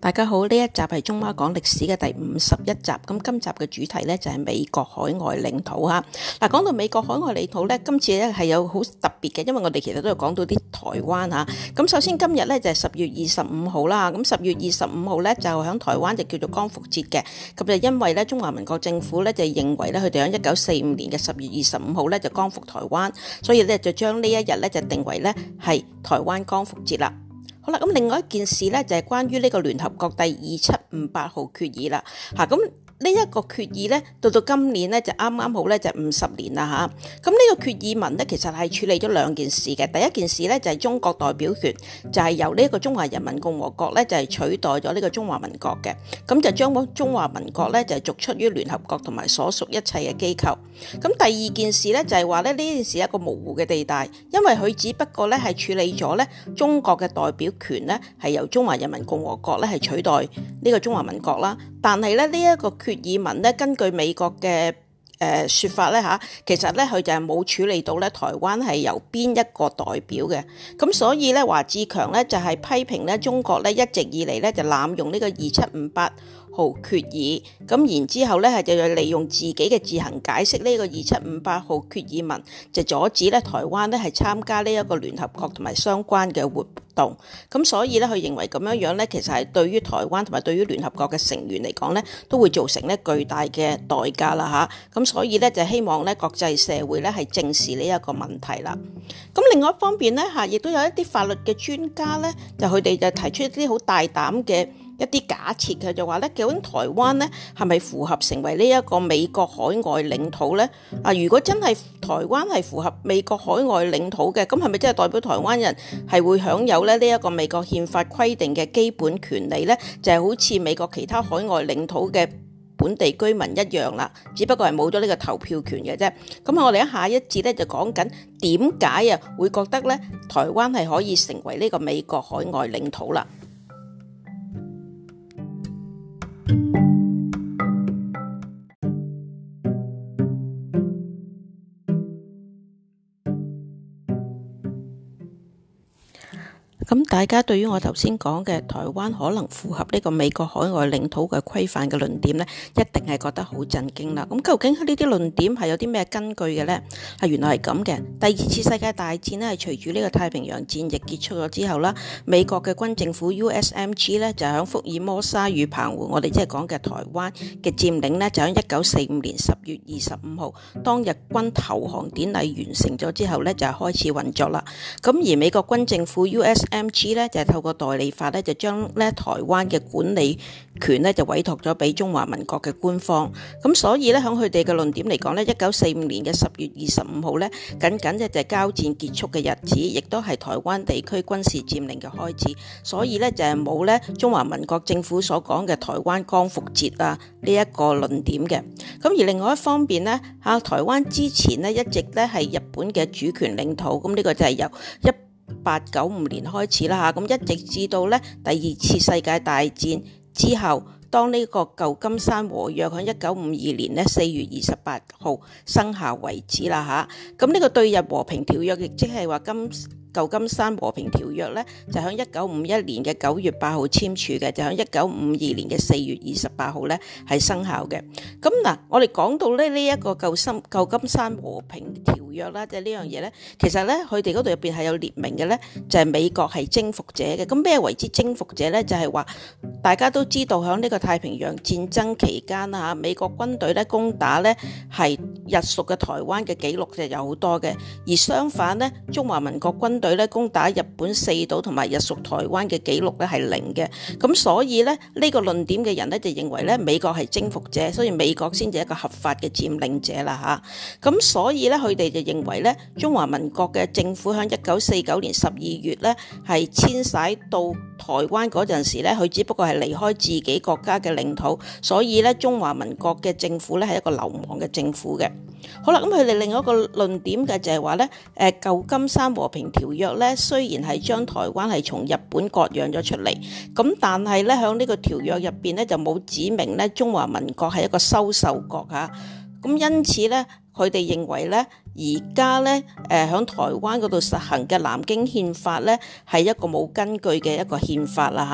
大家好，呢一集係中華講歷史嘅第五十一集。咁今集嘅主題呢就係美國海外領土哈。嗱，講到美國海外領土呢，今次呢係有好特別嘅，因為我哋其實都有講到啲台灣哈。咁首先今日呢就係十月二十五號啦。咁十月二十五號呢就喺台灣就叫做光復節嘅。咁就因為呢，中華民國政府呢就認為呢，佢哋喺一九四五年嘅十月二十五號呢就光復台灣，所以呢，就將呢一日呢就定為呢係台灣光復節啦。好啦，咁另外一件事咧，就係、是、關於呢個聯合國第二七五八號決議啦，吓咁、嗯。啊呢一個決議咧，到到今年咧就啱啱好咧就五十年啦吓，咁呢個決議文咧，其實係處理咗兩件事嘅。第一件事咧就係中國代表權，就係由呢一個中華人民共和國咧就係取代咗呢個中華民國嘅。咁就將中華民國咧就係逐出於聯合國同埋所屬一切嘅機構。咁第二件事咧就係話咧呢件事一個模糊嘅地帶，因為佢只不過咧係處理咗咧中國嘅代表權咧係由中華人民共和國咧係取代呢個中華民國啦。但係咧，呢、這、一個決議文咧，根據美國嘅誒、呃、說法咧嚇，其實咧佢就係冇處理到咧台灣係由邊一個代表嘅，咁所以咧華智強咧就係、是、批評咧中國咧一直以嚟咧就濫用呢個二七五八。號決議，咁然之後咧，係就要利用自己嘅自行解釋呢個二七五八號決議文，就阻止咧台灣咧係參加呢一個聯合國同埋相關嘅活動。咁所以咧，佢認為咁樣樣咧，其實係對於台灣同埋對於聯合國嘅成員嚟講咧，都會造成咧巨大嘅代價啦吓，咁所以咧，就希望咧國際社會咧係正視呢一個問題啦。咁另外一方面咧，吓，亦都有一啲法律嘅專家咧，就佢哋就提出一啲好大膽嘅。一啲假設嘅就話咧，究竟台灣咧係咪符合成為呢一個美國海外領土咧？啊，如果真係台灣係符合美國海外領土嘅，咁係咪真係代表台灣人係會享有咧呢一個美國憲法規定嘅基本權利咧？就係、是、好似美國其他海外領土嘅本地居民一樣啦，只不過係冇咗呢個投票權嘅啫。咁我哋喺下一節咧就講緊點解啊會覺得咧台灣係可以成為呢個美國海外領土啦。咁大家對於我頭先講嘅台灣可能符合呢個美國海外領土嘅規範嘅論點呢，一定係覺得好震驚啦！咁究竟呢啲論點係有啲咩根據嘅呢？係原來係咁嘅。第二次世界大戰呢係隨住呢個太平洋戰役結束咗之後啦，美國嘅軍政府 USMG 呢就喺福爾摩沙與澎湖，我哋即係講嘅台灣嘅佔領呢，就喺一九四五年十月二十五號，當日軍投降典禮完成咗之後呢，就開始運作啦。咁而美國軍政府 USMG M.G. 咧就係透過代理法咧，就將咧台灣嘅管理權咧就委託咗俾中華民國嘅官方。咁所以咧喺佢哋嘅論點嚟講咧，一九四五年嘅十月二十五號咧，僅僅嘅就係交戰結束嘅日子，亦都係台灣地區軍事佔領嘅開始。所以咧就係冇咧中華民國政府所講嘅台灣光復節啊呢一個論點嘅。咁而另外一方面咧，啊台灣之前呢，一直咧係日本嘅主權領土。咁呢個就係由一八九五年開始啦嚇，咁一直至到咧第二次世界大戰之後，當呢個舊金山和約喺一九五二年咧四月二十八號生效為止啦嚇，咁呢個對日和平條約亦即係話今。舊金山和平條約咧就喺一九五一年嘅九月八號簽署嘅，就喺一九五二年嘅四月二十八號咧係生效嘅。咁嗱，我哋講到咧呢一個舊金山和平條約啦，即係呢樣嘢咧，其實咧佢哋嗰度入邊係有列明嘅咧，就係美國係征服者嘅。咁咩為之征服者咧？就係話大家都知道喺呢個太平洋戰爭期間啊，美國軍隊咧攻打咧係日屬嘅台灣嘅記錄就有好多嘅。而相反咧，中華民國軍隊咧攻打日本四島同埋日屬台灣嘅紀錄咧係零嘅，咁所以咧呢個論點嘅人咧就認為咧美國係征服者，所以美國先至係一個合法嘅佔領者啦吓，咁所以咧佢哋就認為咧中華民國嘅政府響一九四九年十二月咧係遷徙到。台灣嗰陣時咧，佢只不過係離開自己國家嘅領土，所以咧中華民國嘅政府咧係一個流亡嘅政府嘅。好啦，咁佢哋另外一個論點嘅就係話咧，誒舊金山和平條約咧雖然係將台灣係從日本割讓咗出嚟，咁但係咧響呢個條約入邊咧就冇指明咧中華民國係一個收受國嚇，咁因此咧佢哋認為咧。而家咧，誒喺台灣嗰度實行嘅《南京憲法》咧，係一個冇根據嘅一個憲法啦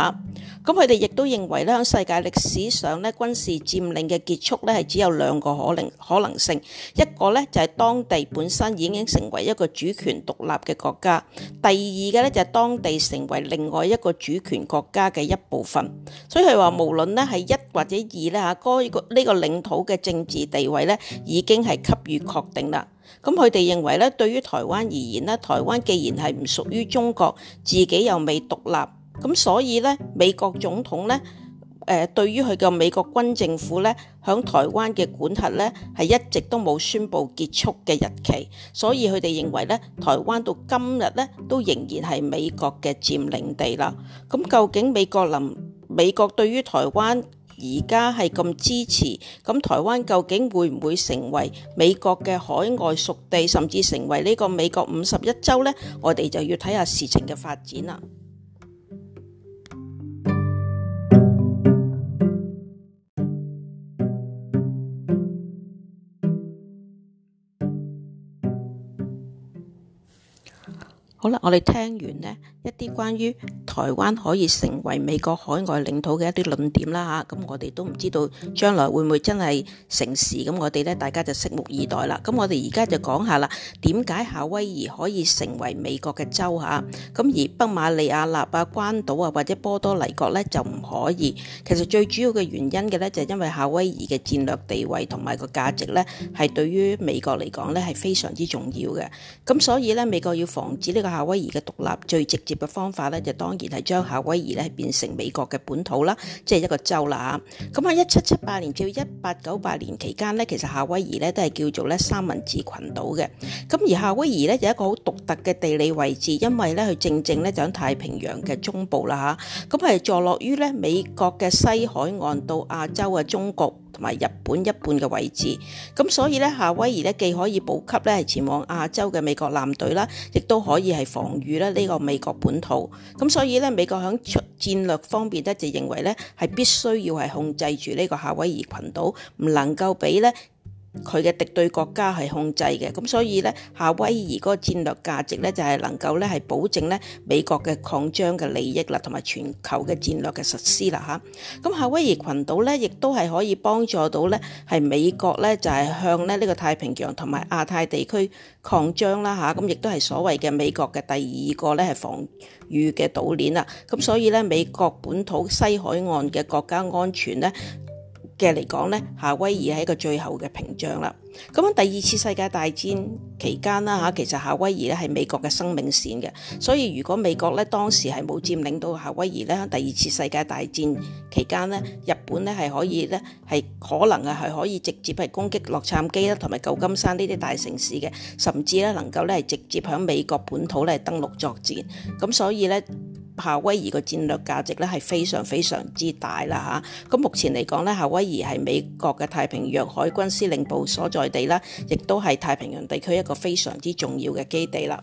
嚇。咁佢哋亦都認為咧，喺世界歷史上咧軍事佔領嘅結束咧係只有兩個可能可能性，一個咧就係當地本身已經成為一個主權獨立嘅國家，第二嘅咧就係當地成為另外一個主權國家嘅一部分。所以佢話無論咧係一或者二咧嚇，個呢個領土嘅政治地位咧已經係給予確定啦。咁佢哋認為咧，對於台灣而言咧，台灣既然係唔屬於中國，自己又未獨立，咁所以咧，美國總統咧，誒、呃、對於佢嘅美國軍政府咧，喺台灣嘅管轄咧，係一直都冇宣布結束嘅日期，所以佢哋認為咧，台灣到今日咧，都仍然係美國嘅佔領地啦。咁究竟美國咧，美國對於台灣，而家係咁支持，咁台灣究竟會唔會成為美國嘅海外屬地，甚至成為呢個美國五十一州呢？我哋就要睇下事情嘅發展啦。好啦，我哋聽完呢一啲關於台灣可以成為美國海外領土嘅一啲論點啦吓，咁我哋都唔知道將來會唔會真係成事，咁我哋咧大家就拭目以待啦。咁我哋而家就講下啦，點解夏威夷可以成為美國嘅州吓？咁、啊、而北馬里亞納啊、關島啊或者波多黎各咧就唔可以。其實最主要嘅原因嘅咧就係因為夏威夷嘅戰略地位同埋個價值咧係對於美國嚟講咧係非常之重要嘅。咁所以咧美國要防止呢、呢個。夏威夷嘅獨立最直接嘅方法咧，就當然係將夏威夷咧變成美國嘅本土啦，即係一個州啦嚇。咁喺一七七八年至一八九八年期間咧，其實夏威夷咧都係叫做咧三文治群島嘅。咁而夏威夷咧有一個好獨特嘅地理位置，因為咧佢正正咧就喺太平洋嘅中部啦嚇。咁係坐落於咧美國嘅西海岸到亞洲嘅中國，同埋日本一半嘅位置，咁所以咧夏威夷咧既可以補給咧，係前往亞洲嘅美國艦隊啦，亦都可以係防禦呢個美國本土。咁所以咧美國響戰略方面咧就認為咧係必須要係控制住呢個夏威夷群島，唔能夠俾咧。佢嘅敵對國家係控制嘅，咁所以咧夏威夷嗰個戰略價值咧就係、是、能夠咧係保證咧美國嘅擴張嘅利益啦，同埋全球嘅戰略嘅實施啦吓，咁夏威夷群島咧亦都係可以幫助到咧係美國咧就係、是、向咧呢個太平洋同埋亞太地區擴張啦吓，咁、啊、亦都係所謂嘅美國嘅第二個咧係防禦嘅島鏈啦。咁所以咧美國本土西海岸嘅國家安全咧，嘅嚟講咧，夏威夷係一個最後嘅屏障啦。咁喺第二次世界大戰期間啦，吓，其實夏威夷咧係美國嘅生命線嘅，所以如果美國咧當時係冇佔領到夏威夷咧，第二次世界大戰期間咧，日本咧係可以咧係可能啊係可以直接係攻擊洛杉磯啦同埋舊金山呢啲大城市嘅，甚至咧能夠咧係直接響美國本土咧登陸作戰，咁所以咧夏威夷個戰略價值咧係非常非常之大啦吓，咁目前嚟講咧，夏威夷係美國嘅太平洋海軍司令部所在。地啦，亦都係太平洋地區一個非常之重要嘅基地啦。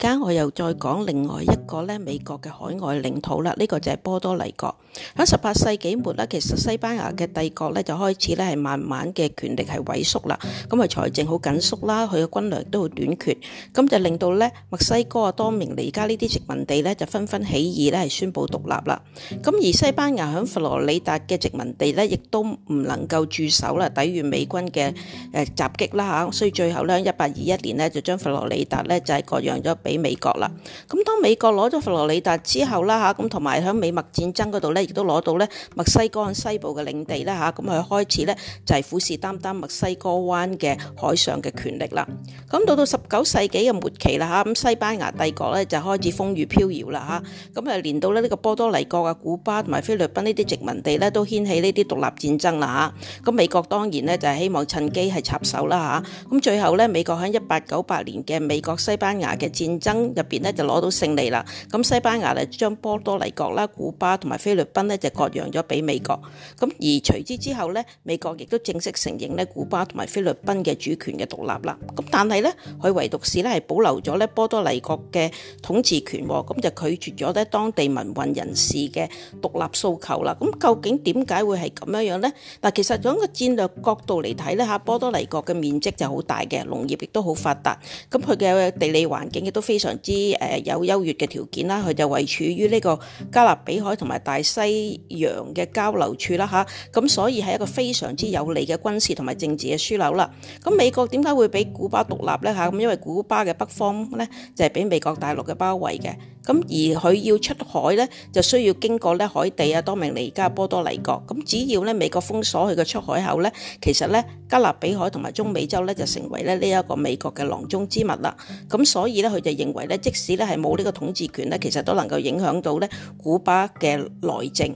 而家我又再講另外一個咧美國嘅海外領土啦，呢個就係波多黎各。喺十八世紀末啦，其實西班牙嘅帝國咧就開始咧係慢慢嘅權力係萎縮啦。咁啊財政好緊縮啦，佢嘅軍糧都好短缺，咁就令到咧墨西哥啊、多明尼加呢啲殖民地咧就紛紛起義咧係宣布獨立啦。咁而西班牙喺佛羅里達嘅殖民地咧，亦都唔能夠駐守啦，抵禦美軍嘅誒襲擊啦嚇。所以最後咧，一八二一年呢，就將佛羅里達咧就係割讓咗喺美國啦，咁當美國攞咗佛羅里達之後啦嚇，咁同埋喺美墨戰爭嗰度咧，亦都攞到咧墨西哥西部嘅領地啦嚇，咁佢開始咧就係虎視眈眈墨西哥灣嘅海上嘅權力啦。咁到到十九世紀嘅末期啦嚇，咁西班牙帝國咧就開始風雨飄搖啦嚇，咁啊連到咧呢個波多黎各啊、古巴同埋菲律賓呢啲殖民地咧都掀起呢啲獨立戰爭啦嚇。咁美國當然咧就係希望趁機係插手啦嚇。咁最後咧，美國喺一八九八年嘅美國西班牙嘅戰爭入邊咧就攞到勝利啦，咁西班牙咧將波多黎各啦、古巴同埋菲律賓呢，就割讓咗俾美國，咁而隨之之後呢，美國亦都正式承認咧古巴同埋菲律賓嘅主權嘅獨立啦。咁但係呢，佢唯獨是咧係保留咗咧波多黎各嘅統治權喎，咁就拒絕咗咧當地民運人士嘅獨立訴求啦。咁究竟點解會係咁樣樣呢？嗱，其實從個戰略角度嚟睇呢吓，波多黎各嘅面積就好大嘅，農業亦都好發達，咁佢嘅地理環境亦都。非常之誒有優越嘅條件啦，佢就位處於呢個加勒比海同埋大西洋嘅交流處啦吓，咁所以係一個非常之有利嘅軍事同埋政治嘅樞紐啦。咁美國點解會俾古巴獨立呢？吓，咁因為古巴嘅北方呢，就係俾美國大陸嘅包圍嘅。咁而佢要出海咧，就需要經過咧海地啊、多明尼加、波多黎各。咁只要咧美國封鎖佢嘅出海口咧，其實咧加勒比海同埋中美洲咧就成為咧呢一個美國嘅囊中之物啦。咁所以咧佢就認為咧，即使咧係冇呢個統治權咧，其實都能夠影響到咧古巴嘅內政。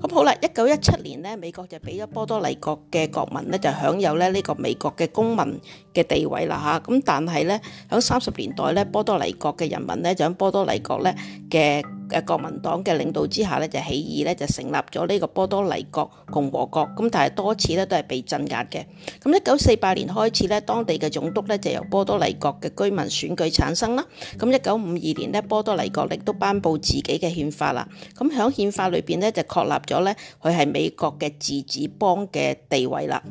咁好啦，一九一七年呢，美國就俾咗波多黎各嘅國民呢，就享有咧呢個美國嘅公民嘅地位啦嚇。咁、啊、但係呢，喺三十年代呢，波多黎各嘅人民呢，就喺波多黎各呢嘅嘅國民黨嘅領導之下呢，就起義呢，就成立咗呢個波多黎各共和國。咁但係多次呢，都係被鎮壓嘅。咁一九四八年開始咧，當地嘅總督呢，就由波多黎各嘅居民選舉產生啦。咁一九五二年呢，波多黎各亦都頒布自己嘅憲法啦。咁喺憲法裏邊呢，就確立立咗呢，佢係美國嘅自治邦嘅地位啦。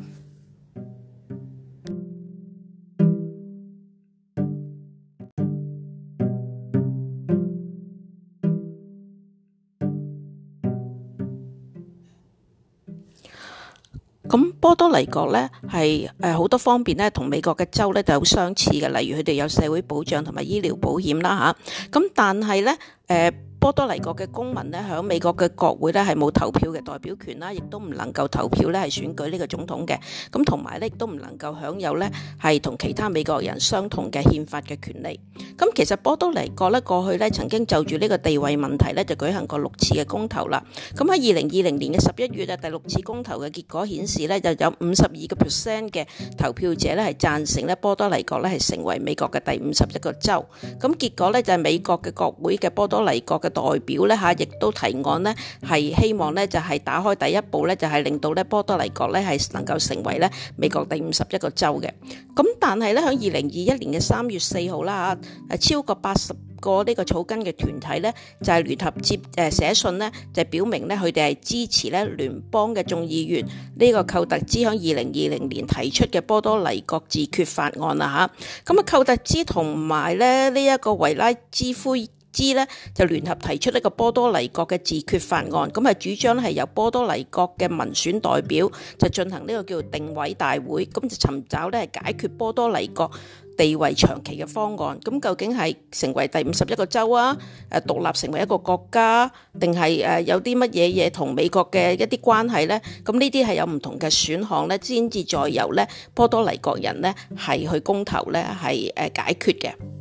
咁波多黎各呢，係誒好多方面呢，同美國嘅州呢就好相似嘅，例如佢哋有社會保障同埋醫療保險啦吓。咁、啊、但係呢。誒、呃。波多黎各嘅公民咧，喺美國嘅國會咧係冇投票嘅代表權啦，亦都唔能夠投票咧係選舉呢個總統嘅，咁同埋咧亦都唔能夠享有咧係同其他美國人相同嘅憲法嘅權利。咁其實波多黎各咧過去咧曾經就住呢個地位問題咧就舉行過六次嘅公投啦。咁喺二零二零年嘅十一月啊，第六次公投嘅結果顯示咧，就有五十二個 percent 嘅投票者咧係贊成咧波多黎各咧係成為美國嘅第五十一個州。咁結果咧就係美國嘅國會嘅波多黎各嘅代表咧嚇，亦都提案呢，係希望咧就係打開第一步咧，就係令到咧波多黎各咧係能夠成為咧美國第五十一個州嘅。咁但係咧喺二零二一年嘅三月四號啦。誒超過八十個呢個草根嘅團體咧，就係、是、聯合接誒、呃、寫信咧，就表明咧佢哋係支持咧聯邦嘅眾議員呢個寇特茲喺二零二零年提出嘅波多黎各自決法案啦吓，咁啊，寇、嗯、特茲同埋咧呢一、這個維拉茲菲茲咧就聯合提出呢個波多黎各嘅自決法案，咁啊主張咧係由波多黎各嘅民選代表就進行呢個叫做定位大會，咁就尋找咧解決波多黎各地位長期嘅方案，咁究竟係成為第五十一個州啊？誒，獨立成為一個國家，定係誒有啲乜嘢嘢同美國嘅一啲關係呢？咁呢啲係有唔同嘅選項咧，先至再由咧波多黎各人咧係去公投咧係誒解決嘅。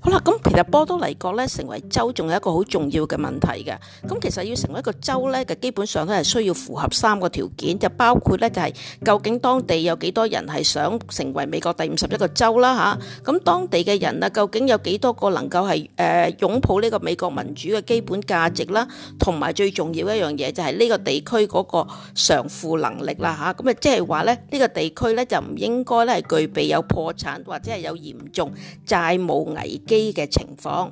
好啦，咁其實波多黎各咧成為州仲有一個好重要嘅問題嘅。咁其實要成為一個州咧，嘅基本上都係需要符合三個條件，就包括咧就係究竟當地有幾多人係想成為美國第五十一個州啦吓，咁、啊、當地嘅人啊，究竟有幾多個能夠係誒、呃、擁抱呢個美國民主嘅基本價值啦，同埋啊最重要一樣嘢就係呢個地區嗰個償付能力啦吓，咁啊即係話咧，呢個地區咧就唔應該咧係具備有破產或者係有嚴重債務危機。嘅情況，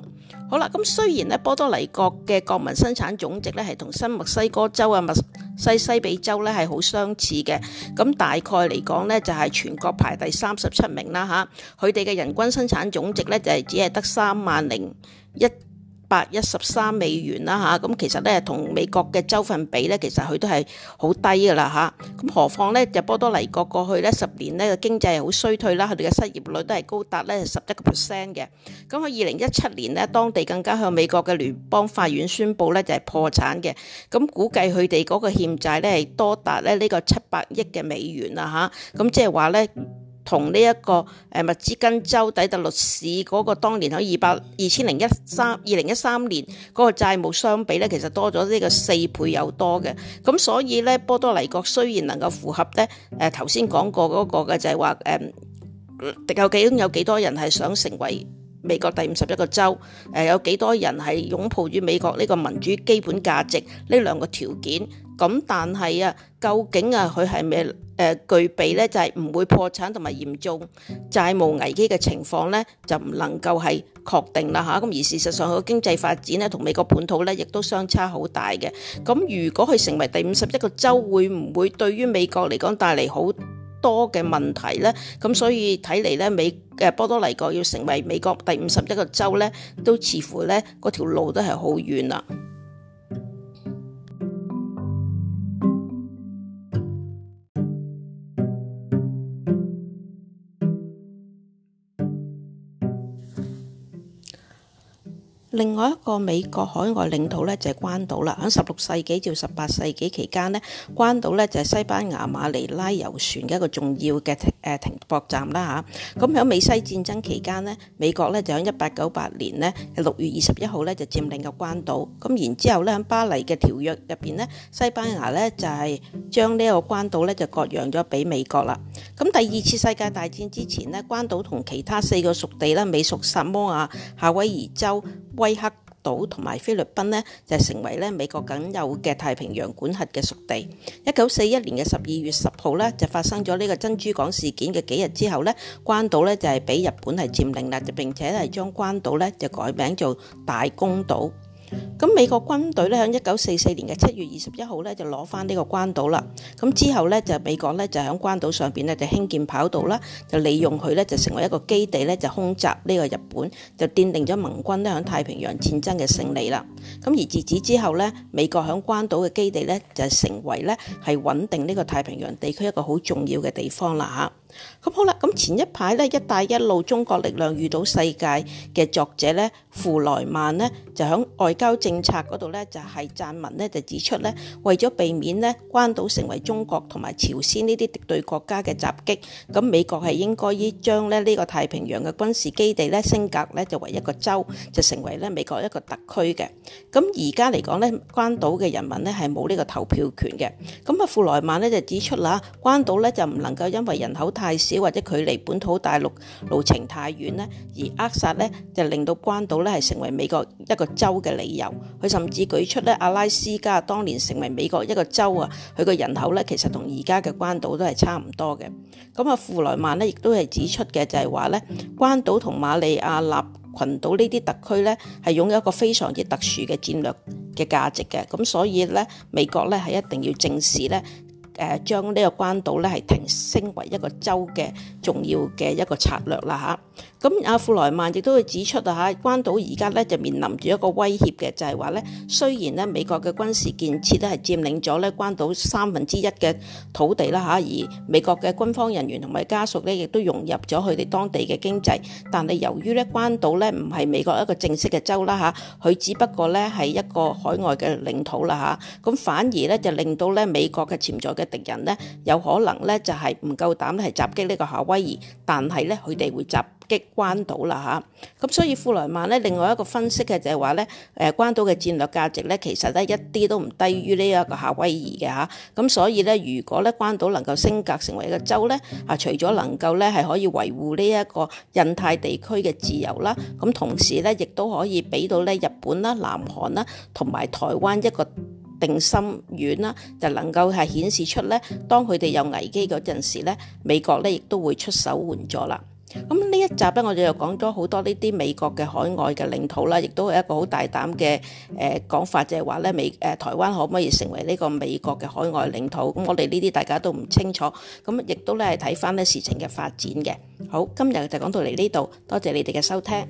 好啦，咁雖然呢，波多黎各嘅國民生產總值咧係同新墨西哥州啊、密西西比州咧係好相似嘅，咁大概嚟講呢，就係全國排第三十七名啦吓，佢哋嘅人均生產總值呢，就係只係得三萬零一百一十三美元啦吓，咁其實咧同美國嘅州份比咧，其實佢都係好低嘅啦吓，咁何況咧，就波多黎各過去咧十年咧，經濟係好衰退啦，佢哋嘅失業率都係高達咧十一個 percent 嘅。咁喺二零一七年呢，當地更加向美國嘅聯邦法院宣佈咧就係破產嘅。咁估計佢哋嗰個欠債咧係多達咧呢個七百億嘅美元啦吓，咁即係話咧。同呢一個誒密芝根州底特律市嗰個當年喺二百二千零一三二零一三年嗰個債務相比咧，其實多咗呢個四倍有多嘅。咁所以咧，波多黎各雖然能夠符合咧誒頭先講過嗰個嘅，就係話誒，究竟有幾有幾多人係想成為美國第五十一個州？誒有幾多人係擁抱住美國呢個民主基本價值？呢兩個條件。咁但係啊，究竟啊佢係咪誒具備咧？就係、是、唔會破產同埋嚴重債務危機嘅情況咧，就唔能夠係確定啦嚇。咁而事實上佢經濟發展咧，同美國本土咧，亦都相差好大嘅。咁如果佢成為第五十一個州，會唔會對於美國嚟講帶嚟好多嘅問題咧？咁所以睇嚟咧，美波多黎各要成為美國第五十一個州咧，都似乎咧嗰條路都係好遠啦。另外一個美國海外領土咧就係關島啦，喺十六世紀至十八世紀期間呢，關島咧就係西班牙馬尼拉郵船嘅一個重要嘅誒停泊站啦嚇。咁喺美西戰爭期間呢，美國咧就喺一八九八年呢，六月二十一號咧就佔領咗關島。咁然之後咧喺巴黎嘅條約入邊呢，西班牙咧就係將呢個關島咧就割讓咗俾美國啦。咁第二次世界大戰之前呢，關島同其他四個屬地啦，美屬薩摩亞、夏威夷州、威克島同埋菲律賓咧就成為咧美國僅有嘅太平洋管轄嘅屬地。一九四一年嘅十二月十號咧就發生咗呢個珍珠港事件嘅幾日之後咧，關島咧就係俾日本係佔領啦，就並且係將關島咧就改名做大公島。咁美國軍隊咧喺一九四四年嘅七月二十一號咧就攞翻呢個關島啦，咁之後咧就美國咧就喺關島上邊咧就興建跑道啦，就利用佢咧就成為一個基地咧就空襲呢個日本，就奠定咗盟軍咧喺太平洋戰爭嘅勝利啦。咁而自此之後咧，美國喺關島嘅基地咧就成為咧係穩定呢個太平洋地區一個好重要嘅地方啦吓。咁好啦，咁前一排咧，一帶一路中國力量遇到世界嘅作者咧，傅萊曼呢，就喺外交政策嗰度咧，就係、是、撰文咧就指出咧，為咗避免呢關島成為中國同埋朝鮮呢啲敵對國家嘅襲擊，咁美國係應該將呢將咧呢個太平洋嘅軍事基地咧升格咧就為一個州，就成為咧美國一個特區嘅。咁而家嚟講咧，關島嘅人民咧係冇呢個投票權嘅。咁啊，傅萊曼咧就指出啦，關島咧就唔能夠因為人口太，太少或者距離本土大陸路程太遠呢而扼殺呢，就令到關島呢係成為美國一個州嘅理由。佢甚至舉出呢阿拉斯加當年成為美國一個州啊，佢個人口呢其實同而家嘅關島都係差唔多嘅。咁啊，富萊曼呢亦都係指出嘅就係話呢關島同馬里亞納群島呢啲特區呢，係擁有一個非常之特殊嘅戰略嘅價值嘅。咁所以呢，美國呢係一定要正視呢。誒將呢個關島咧係提升為一個州嘅重要嘅一個策略啦嚇。咁阿富萊曼亦都會指出啊！嚇，關島而家咧就面臨住一個威脅嘅，就係話咧，雖然咧美國嘅軍事建設咧係佔領咗咧關島三分之一嘅土地啦嚇，而美國嘅軍方人員同埋家屬咧亦都融入咗佢哋當地嘅經濟，但係由於咧關島咧唔係美國一個正式嘅州啦嚇，佢只不過咧係一個海外嘅領土啦嚇，咁反而咧就令到咧美國嘅潛在嘅敵人咧有可能咧就係唔夠膽係襲擊呢個夏威夷，但係咧佢哋會襲激關島啦嚇，咁所以富萊曼咧，另外一個分析嘅就係話咧，誒關島嘅戰略價值咧，其實咧一啲都唔低於呢一個夏威夷嘅嚇。咁所以咧，如果咧關島能夠升格成為一個州咧，啊，除咗能夠咧係可以維護呢一個印太地區嘅自由啦，咁同時咧亦都可以俾到咧日本啦、南韓啦同埋台灣一個定心丸啦，就能夠係顯示出咧，當佢哋有危機嗰陣時咧，美國咧亦都會出手援助啦。咁呢一集咧，我哋又講咗好多呢啲美國嘅海外嘅領土啦，亦都係一個好大膽嘅誒、呃、講法，就係話咧美誒、呃、台灣可唔可以成為呢個美國嘅海外領土？咁我哋呢啲大家都唔清楚，咁亦都咧係睇返咧事情嘅發展嘅。好，今日就講到嚟呢度，多謝你哋嘅收聽。